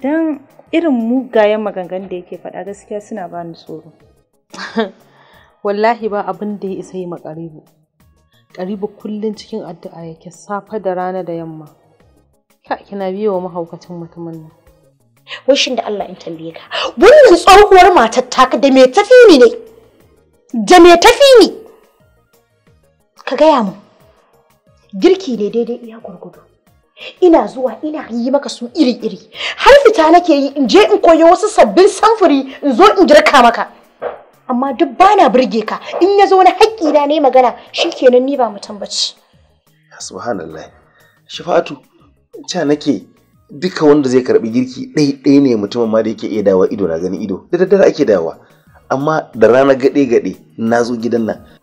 don irin mugayen magangan da yake faɗa gaskiya suna bani tsoro wallahi ba abin da ya isa yi makaribu karibu kullum cikin addu'a yake safe da rana da yamma ka kina biyo wa mahaukacin mutumin nan washin da Allah in tambaye ka wannan tsohuwar matar da me tafi ni ne da me tafi ni ka gaya mu girki ne daidai iya gurgudu ina zuwa ina yi maka su iri-iri har fita nake yi in je in koyi wasu sabbin samfuri in zo in girka maka amma duk bana burge ka in ya zo na na ne magana shikenan ni ba mutum bace subhanallah shafatu ta nake duka wanda zai karbi girki ɗai ɗai ne mutumin ma da yake iya dawa ido na ganin ido da daddare ake dawa amma da rana gaɗe gaɗe na zo gidan nan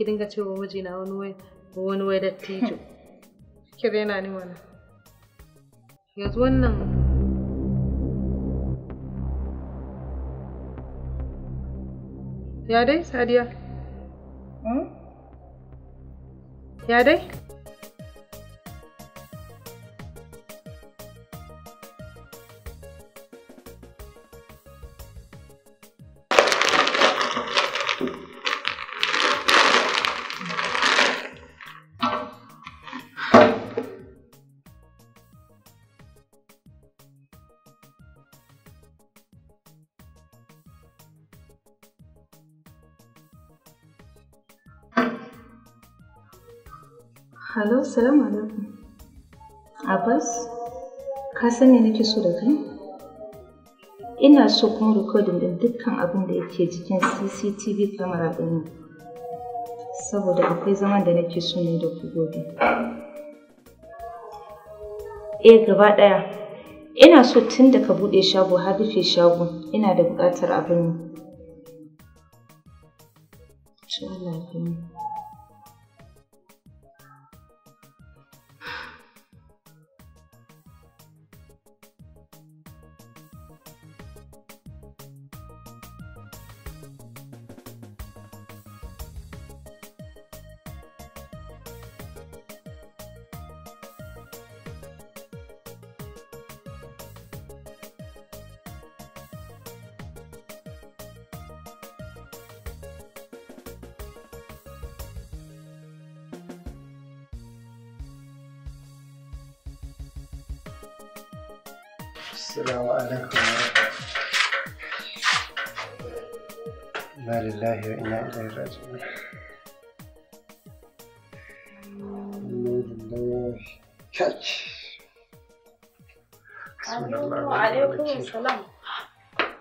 ki dinga cewa mijina wani wai wani wai dattijo ki daina ni mana yanzu wannan ya dai sadiya hmm? ya dai Assalamu alaikum. Abbas, ka san me nake so da kai? Ina so kuma rikodin din dukkan abin da yake cikin CCTV camera ɗin saboda akwai zaman da nake so ne da ku gobe. Eh gaba ɗaya, ina so tun da ka buɗe shago har rufe shago ina da buƙatar abin. Allah ya Assalamu alaikum wa lillahi wa inna ilaihi raji'un.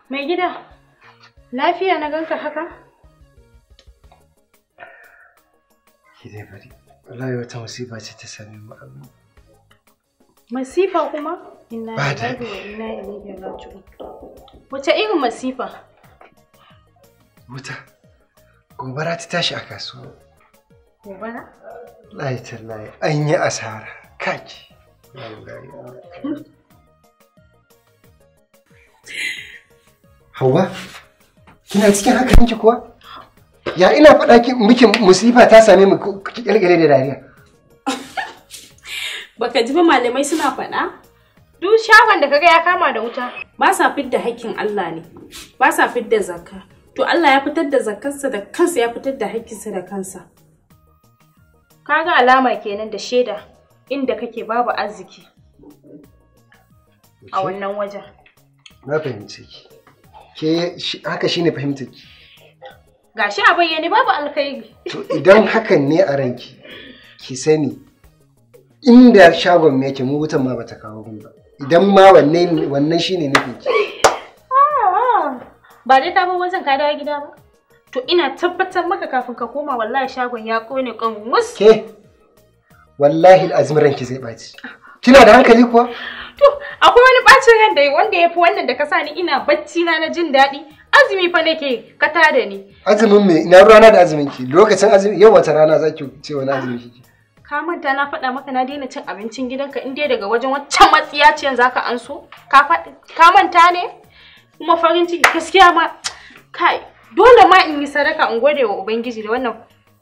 Mai gida, lafiya na ganka haka? Ki dai wata masifa ce ta same mu Masifa kuma? ba ta wace irin masifa wuta gobara ta tashi a kasuwa gobara layi an yi asara kaki Hauwa, kina cikin hankalinki kuwa? Ya ina faɗa miki musifa ta same mu ki kyalkyale da dariya. Baka ji ba malamai suna faɗa? Duk shagon da kaga ya kama da wuta. Ba sa fidda haƙƙin Allah ne, ba sa fidda zakka. To Allah ya fitar da zakkarsa da kansa ya fitar da haƙƙinsa da kansa. Kaga alama kenan da shaida inda kake babu arziki a wannan wajen. Na fahimci ki. Ke haka shine fahimta ki. Gashi a bayyane babu alkhairi. To idan hakan ne a ranki, ki sani inda shagon me yake mu wutan ma bata kawo mun ba. idan ma wannan wannan shine nufin ki ba dai ta bawa zan ka dawo gida ba to ina tabbatar maka kafin ka koma wallahi shagon ya kone kan mus ke wallahi alazim ranki zai baci kina da hankali kuwa to akwai wani bacin ran da wanda ya fi wannan da ka sa ni ina bacci na na jin daɗi azumi fa nake ka tada ni azumin me ina rana da azumin ki lokacin azumi yau wata rana zaki ce wani azumin ki Ka manta na faɗa maka na daina cin abincin gidanka in dai daga wajen waccan matsiyaciyan za ka anso? Ka manta ne? Kuma farin ciki gaskiya ma kai dole ma in yi sadaka in gode wa Ubangiji da wannan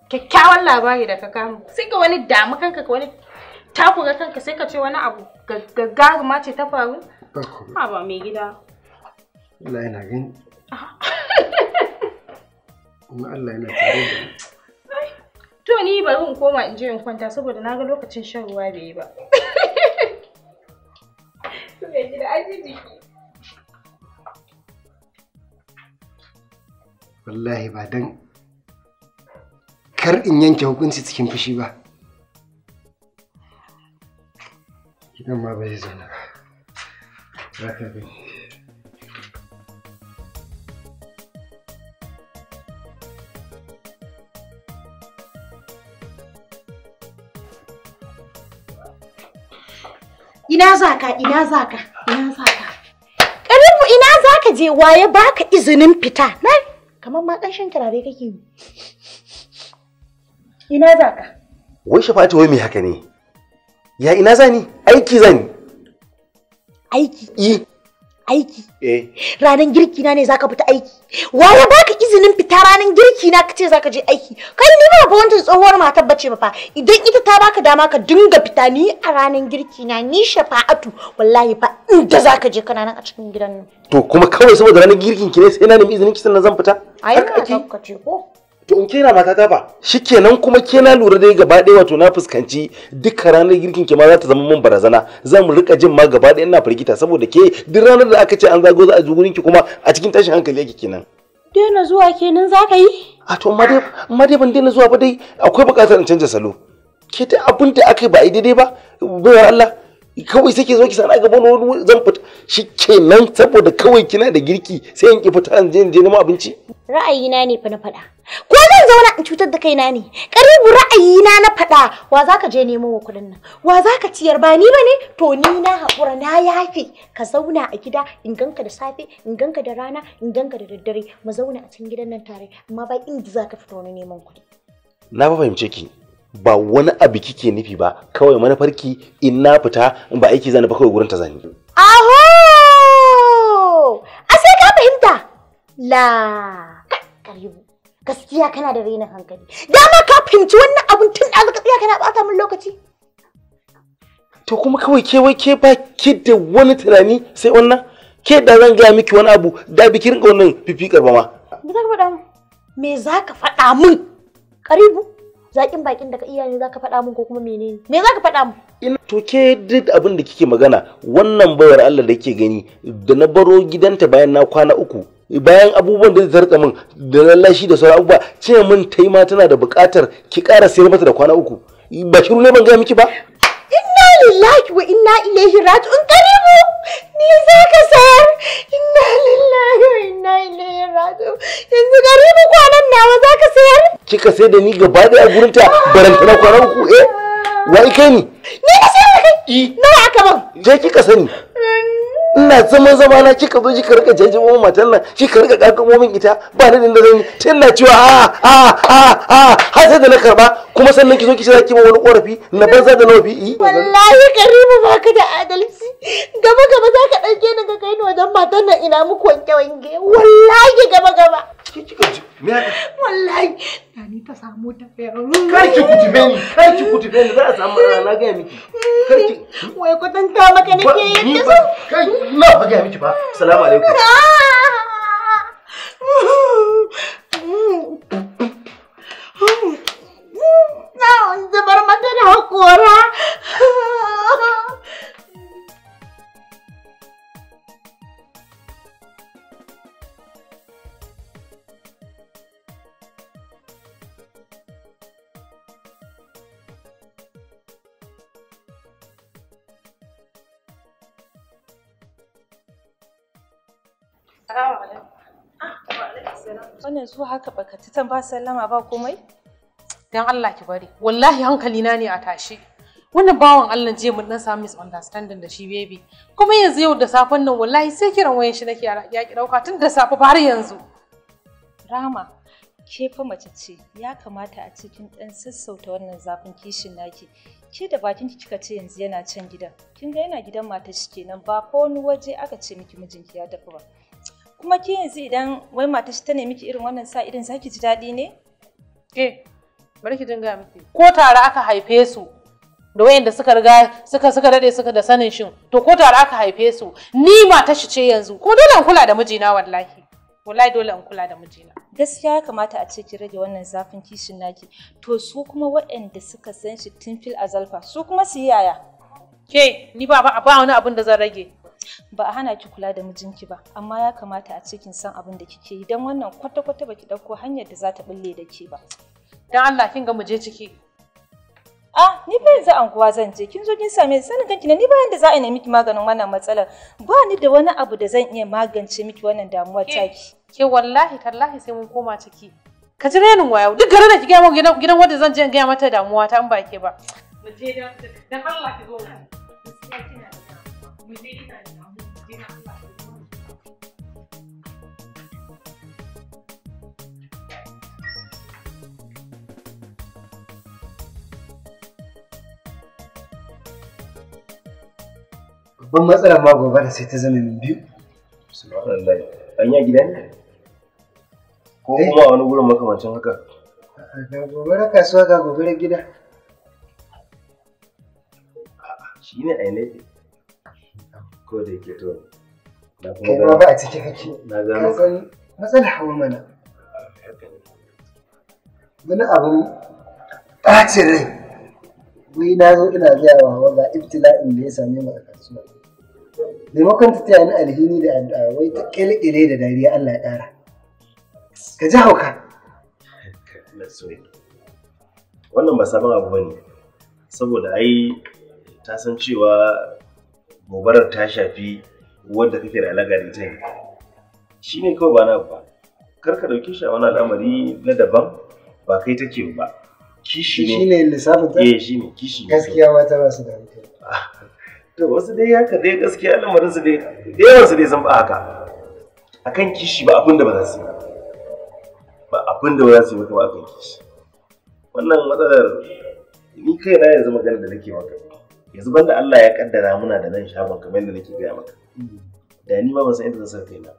kyakkyawan labari da ka kama. Sai ka wani damu kanka ka wani takura kanka sai ka ce wani abu gaggaruma ce ta faru? Ha ba mai gida. Allah yana gani. Allah yana tare da To ni bari in koma in je in kwanta saboda na ga lokacin shan ruwa bai yi ba. Wallahi ba dan kar in yanke hukunci cikin fushi ba. Gidan ma bai ba. Za ka gani. Ina za ka, ina za ka, ina za ka. Karibu ina za ka je waye baka izinin fita. Na kamar ma ƙanshin turare kake yi. Ina za ka? Wai fati wai me haka ne? Ya ina za ni? Aiki za ni. Aiki? eh aiki eh. ranar girki na ne zaka fita aiki waye baka izinin fita ranar girki na kace zaka je aiki kai ni ba ba wancan tsohuwar matar bace ba fa idan ita ta baka dama ka dinga fita ni a ranar girki na ni shafa'atu wallahi fa inda zaka je kana nan a cikin gidan nan to kuma kawai saboda ranar girkin ki ne sai na nemi izinin ki sannan zan fita ai ka ce ko to in kena mata ta ba shikenan kuma ke na lura dai gaba ɗaya wato na fuskanci duka ranar girkin ke ma za ta zama min barazana za mu rika jin ma gaba ɗaya ina firgita saboda ke duk ranar da aka ce an zago za a zuwa ki kuma a cikin tashin hankali yake kenan daina zuwa kenan za ka yi a to amma dai amma dai ban daina zuwa ba dai akwai buƙatar in canja salo ke ta abin da aka ba a yi daidai ba baiwar Allah kawai sai ki zo ki sana gaban wani zan fita shi kenan saboda kawai kina da girki sai in ki fita in je in je neman abinci ra'ayina ne fa na faɗa ko zan zauna in cutar da kaina ne karibu ra'ayina na faɗa wa zaka je nemo wa kuɗin nan wa za zaka ciyar ba ni bane to ni na hakura na yafe ka zauna a gida in ganka da safe in ganka da rana in ganka da daddare mu zauna a cikin gidan nan tare amma ba inda zaka fito wani neman kuɗi na ba fahimce ki ba wani abu kike nufi ba kawai farki in na fita in ba aiki zani ba kawai gurin ta zani aho a sai ka fahimta la karibu gaskiya kana da raina hankali dama ka fahimci wannan abun tun da ka tsaya kana bata min lokaci to kuma kawai ke wai ke ba ki da wani tunani sai wannan ke da zan gaya miki wani abu da bikin rinka wannan fifikar ba ma me za ka faɗa min karibu zaƙin bakin da ka iya ne faɗa mun ko kuma menene me zaka faɗa mu in to ke duk abin da kike magana wannan bayar Allah da kike gani da na baro gidanta bayan na kwana uku bayan abubuwan da ta rika min da lallashi da sauran abubuwa ce min tai ma tana da buƙatar ki ƙara sayar mata da kwana uku ba shiru ne ban gaya miki ba inna lillahi wa inna ilaihi raji'un karibu ni zaka sa kika sai da ni gaba daya gurin ta barantana kwanan ku eh wai kai ni ni ka sai kai nawa aka ban je kika sani ina zaman zama na kika zo kika rika jaji mu matan nan kika rika kuma min ita ba ni da zan tun cewa a a a a sai da na karba kuma sannan kizo kici zaki ba wani korafi na banza da nawa bi wallahi karibu baka da adalci gaba gaba za ka ɗauke ni ga kai ni wajen matan nan ina muku wanke wanke wallahi gaba gaba wallahi da ni ta samu ta kar ki kutube ni kar ki kutube ni za a samu rana ga miki kar ki wai kwatanta maka nake yadda so kai na ga miki ba assalamu alaikum zuwa haka baka ci ta ba sallama ba komai dan Allah ki bari wallahi hankali na ne a tashi wannan bawan Allah je mun dan samu misunderstanding da shi baby kuma yanzu yau da safen nan wallahi sai kiran wayan shi nake ya ki dauka tun da safe har yanzu Rama ke fa mace ce ya kamata a cikin dan sassauta wannan zafin kishin naki ke da bakin ki kika ce yanzu yana can gidan kin ga yana gidan matar shi kenan ba ko wani waje aka ce miki mijinki ya tafi ba Kuma ke yanzu idan wai mata ta nemi ki irin wannan sa idan zaki ji daɗi ne? Eh, bari ki dinga miki. Ko tare aka haife su da wayanda suka riga suka suka dade suka da sanin shin to ko tare aka haife su ni mata shi ce yanzu ko dole in kula da mijina wallahi. wallahi dole in kula da mijina. Gaskiya ya kamata a ce ki rage wannan zafin kishin naki. To su kuma waɗanda suka san shi tun fil azalfa su kuma su yaya. Ke ni ba ba wani abin da zan rage. ba a hana ki kula da mijinki ba amma ya kamata a cikin san abin da kike yi don wannan kwata-kwata baki ɗauko hanyar da za ta bulle da ke ba. Don Allah kin ga mu je ciki. Ah, ni ba yanzu kuwa zan je. Kin zo kin same sanin kanki ne ni ba yanda za a nemi miki maganin wannan matsalar. Ba ni da wani abu da zan iya magance miki wannan damuwar taki. Ke wallahi tallahi sai mun koma ciki. Ka ji renin waya duk garin da ki gaya gidan gidan wanda zan je gaya mata damuwa ta in ba ke ba. Mu je dan Allah ki zo. Gaskiya kina da mu je gidan. babban matsalar ma gobe da sai ta zama min biyu subhanallah an ya gidan ne ko eh. kuma wani gurin makamancin haka ga gobe kasuwa ga gobe gida shi ne ainihi ko da yake to kai ma ba a cikin haki. na gano matsala hawa mana wani abin ɓacin rai Wai na zo ina gaya wa ga ibtila'in da ya same mu a kasuwa maimakon ta taya ni alhini da addu'a wai ta kyalkyale da dariya Allah ya ƙara ka ji hauka wannan ba sabon abu bane saboda ai ta san cewa gobarar ta shafi wadda kake da alaƙa da ita ne shi ne kawai ba na ba kar ka ɗauke shi a wani al'amari na daban ba kai take ba kishi ne shi ne lissafin ta eh shi ne kishi gaskiya mata ba su da wasu dai ya dai gaskiya lamarin su dai da yawan su dai sun ba haka akan kishi ba abin da ba za su yi ba abin da ba za su yi ba akan kishi wannan matsalar ni kai na yanzu magana da nake maka yanzu banda Allah ya kaddara muna da nan shagon kamar yadda nake gaya maka da ni ma ban san inda zan kai na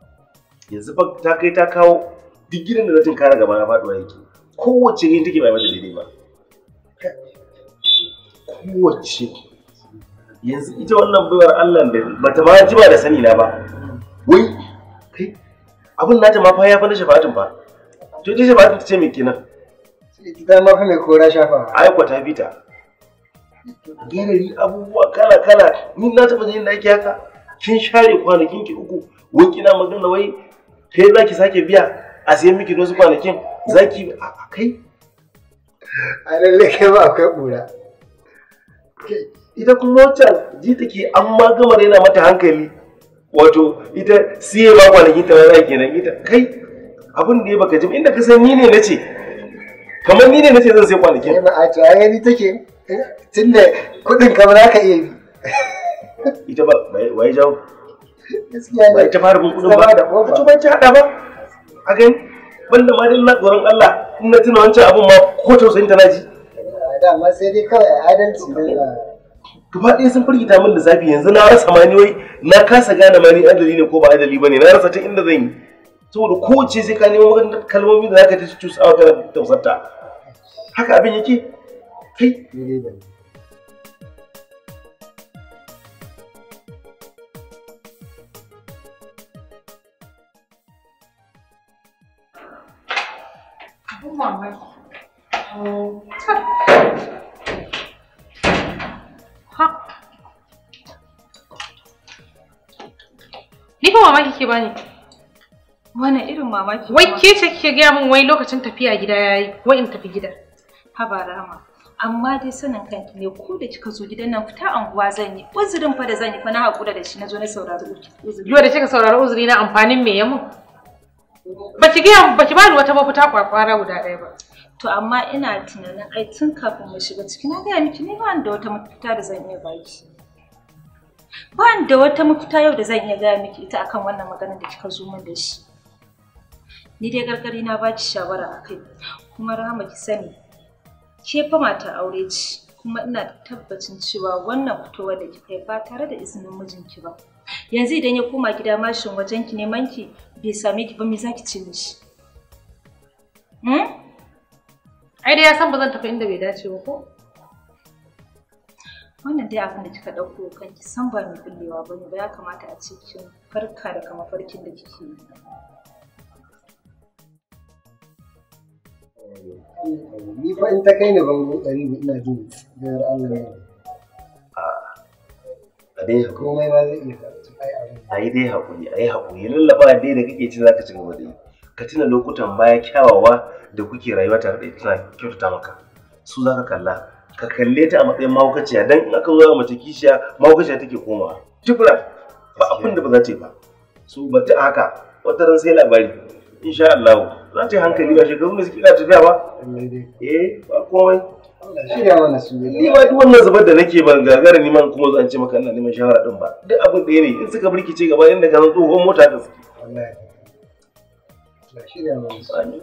yanzu ba ta kai ta kawo duk gidan da zatin kara gaba na faduwa yake kowace ne take bai mata daidai ba kowace yanzu ita wannan baiwar Allah da bata ma ji da sani na ba wai kai abin nata ma fa ya fa na shafa'atin fa to ita shafa'atin ta ce me kenan ita ma fa mai kora shafa ai ta bita gerari abubuwa kala kala ni na taba jin da ake haka kin share kwanakin ki uku wai kina magana wai kai zaki sake biya a sayan miki wasu kwanakin zaki a kai a lalle kai ba akwai bura ita kuma wacce ji take an ma gama yana mata hankali wato ita siye ba kwanakin ta wani kenan ita kai abin da ya baka jim inda ka san ni ne na ce kamar ni ne na ce zan sai kwanakin yana a to ai ni take eh, tunda kudin kamar ka iya yi ita ba wai jawo ba ita fara bin kudin ba to ba ta hada ba a gani banda ma dalla tsoron Allah in na tuna wancan abin ma ko tausayin ta na ji eh, dama sai dai kawai adalci ne gaba ɗaya sun firgita min da zafi. yanzu na rasa ma wai na kasa gane ma ni adali ne ko ba adali ba ne? na rasa ta inda zan yi saboda kowace sai ka nemo maganar kalmomi da zaka ta cusawa kana tausarta haka abin yake kai bani wannan irin mamaki wai ke ce kike gaya min wai lokacin tafiya gida yayi wai in tafi gida haba rama amma dai sanin kanki ne ko da kika zo gidan nan fita anguwa zan yi uzurin fa da zan yi fa na hakura da shi na zo na saurari uzuri yau da kika saurari uzuri na amfanin me yamu? baki gaya baki bani wata mafita kwakwara guda ɗaya ba to amma ina tunanin ai tun kafin mu shiga ciki na gaya miki ne ba da wata mafita da zan iya baki Ba da wata mafita yau da zan iya gaya miki ita akan wannan magana da kika zo min da shi. Ni dai gargari na baki shawara akai kuma Rahama ki sani ke fa mata aure ce kuma ina tabbacin cewa wannan fitowar da kika yi ba tare da izinin mijinki ba. Yanzu idan ya koma gida mashin wajen ki neman ki bai same ki ba me zaki ce mishi? Hmm? Ai dai ya san ba zan tafi inda bai dace ba ko? wannan dai abin da kika ɗauko kanki san ba mai bullewa ba ne ba ya kamata a ce kin farka daga mafarkin da kike yi ni fa in ta kai ni bango ɗari ne ina jin gayar Allah ne a dai komai ba zai iya a yi dai hakuri a yi hakuri lallaba dai da kake ci zaka ci gaba da yi ka tuna lokutan baya kyawawa da kuke rayuwa tare da ita tana kyautata maka su ka kalla ka kalle ta a matsayin mahaukaciya dan in aka zo mace kishiya mahaukaciya take komawa tubura ba abin da ba za ta yi ba su ba ta haka wata ran sai labari insha Allah za ta yi hankali ba shekaru ne suke tafiya ba eh ba komai shirya mana su ni ba duk wannan zubar da nake ban gagara ni man kuma zan ce maka ina neman shawara din ba duk abin da ne in suka birkice gaba inda ka san tsohon mota ta suke wallahi shirya mana su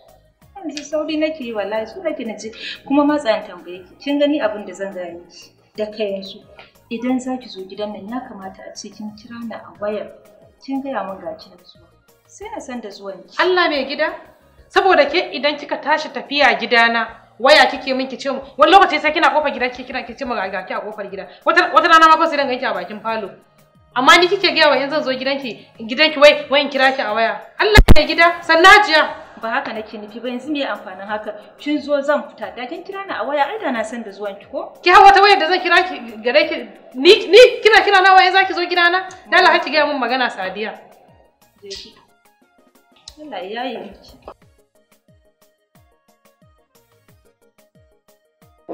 yanzu sauri nake yi wallahi su nake na ce kuma matsayin tambaye ki kin gani abin da zan gani da kai yanzu idan za ki zo gidan nan ya kamata a ce kin kira ni a wayar kin gaya mun ga kin zuwa sai na san da zuwan ki Allah mai gida saboda ke idan kika tashi tafiya gidana waya kike min ki ce mu wani lokaci sai kina kofar gida kike kina ki ce mu ga ki a kofar gidan wata wata rana ma ko sai dan ganki a bakin falo amma ni kike gaya wa yanzu zan zo gidanki gidanki wai wayan kira ki a waya Allah mai gida sannajiya ba haka nake nufi ba yanzu me amfanin haka kin zo zan fita da kin kira ni a waya ai da na san da zuwan ki ko ki hawa ta wayar da zan kira ki gare ki ni ni kina kira na waya zaki zo gidana dala haki ga mun magana Sadiya je ki Allah ya yi miki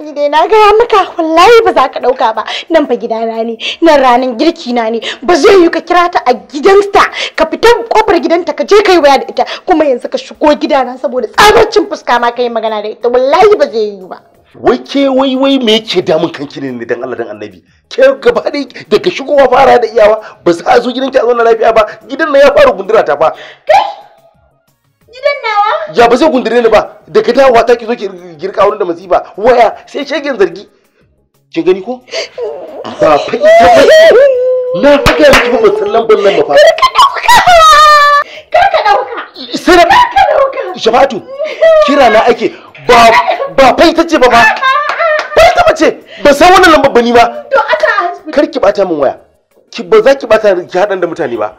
ji dai na gaya maka wallahi ba za ka ɗauka ba nan fa gidana ne nan ranar girki na ne ba zai yi ka kira ta a gidanta ka fita kofar gidanta ka je kai waya da ita kuma yanzu ka shigo gidana saboda tsabarcin fuska ma ka yi magana da ita wallahi ba zai yi ba. wai ke wai wai me yake damun kanki ne dan Allah dan Annabi ke gaba dai daga shigowa fara da iyawa ba za a zo gidanki a zauna lafiya ba gidan na ya fara gundura ta fa kai Gidan nawa? Ya ba zai gundure ni ba. Daga dawo ta ki zo ki girka wurin da masifa. Waya sai shegen zargi. ki gani ko? Ba fa ita ba. Na faga miki ba musallan ban nan ba fa. Ka dauka. Kar ka dauka. Sai ka dauka. Shafatu. Kira na ake ba ba fa ita ce ba ba. Ba ita ba ce. Ba san wannan lambar bani ba. To aka Kar ki bata min waya. Ki ba za ki bata ki hadan da mutane ba.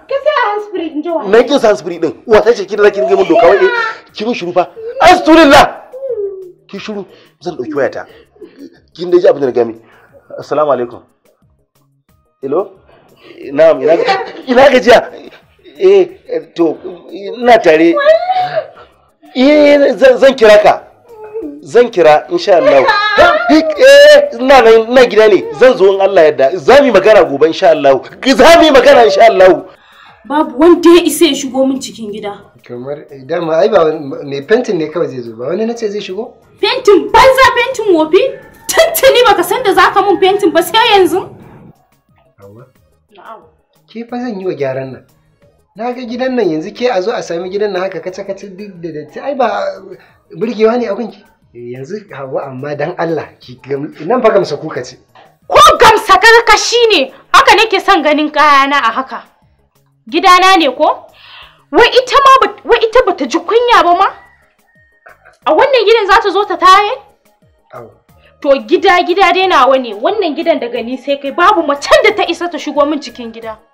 na kin san sufuri din uwa ta ce kin zaki mun doka wai ki mun shiru fa astagfirullah ki shuru zan dauki wayata kin dai ji abin da gami assalamu alaikum hello na'am ina ina gajiya eh to ina tare eh zan kira ka zan kira insha Allah eh, ina nan na gida ne zan zo in Allah yadda za mu magana gobe insha Allah za mu magana insha Allah babu wanda ya isa ya shigo min cikin gida. Kamar eh, dama ai ba mai fentin ne kawai zai zo ba wani nace zai shigo? Fentin banza fentin wofi? ba baka san da zaka mun fentin ba sai yanzu? awa Ke fa zan yi wa gyaran nan. Na ga gidan nan yanzu ke a zo a sami gidan nan haka kaca kaca duk da datti ai ba burgewa ne a ki. Eh, yanzu Hawa amma dan Allah ki nan fa gamsa kuka ce. Ko gamsa shi ne haka nake son ganin kayana a haka. Gidana ne ko? Wai ita ma wai ita bata ji kunya ba ma? A wannan gidan za ta zo ta taye? To gida gida dai nawa ne, wannan gidan daga ni sai kai babu macen da ta isa ta shigo min cikin gida.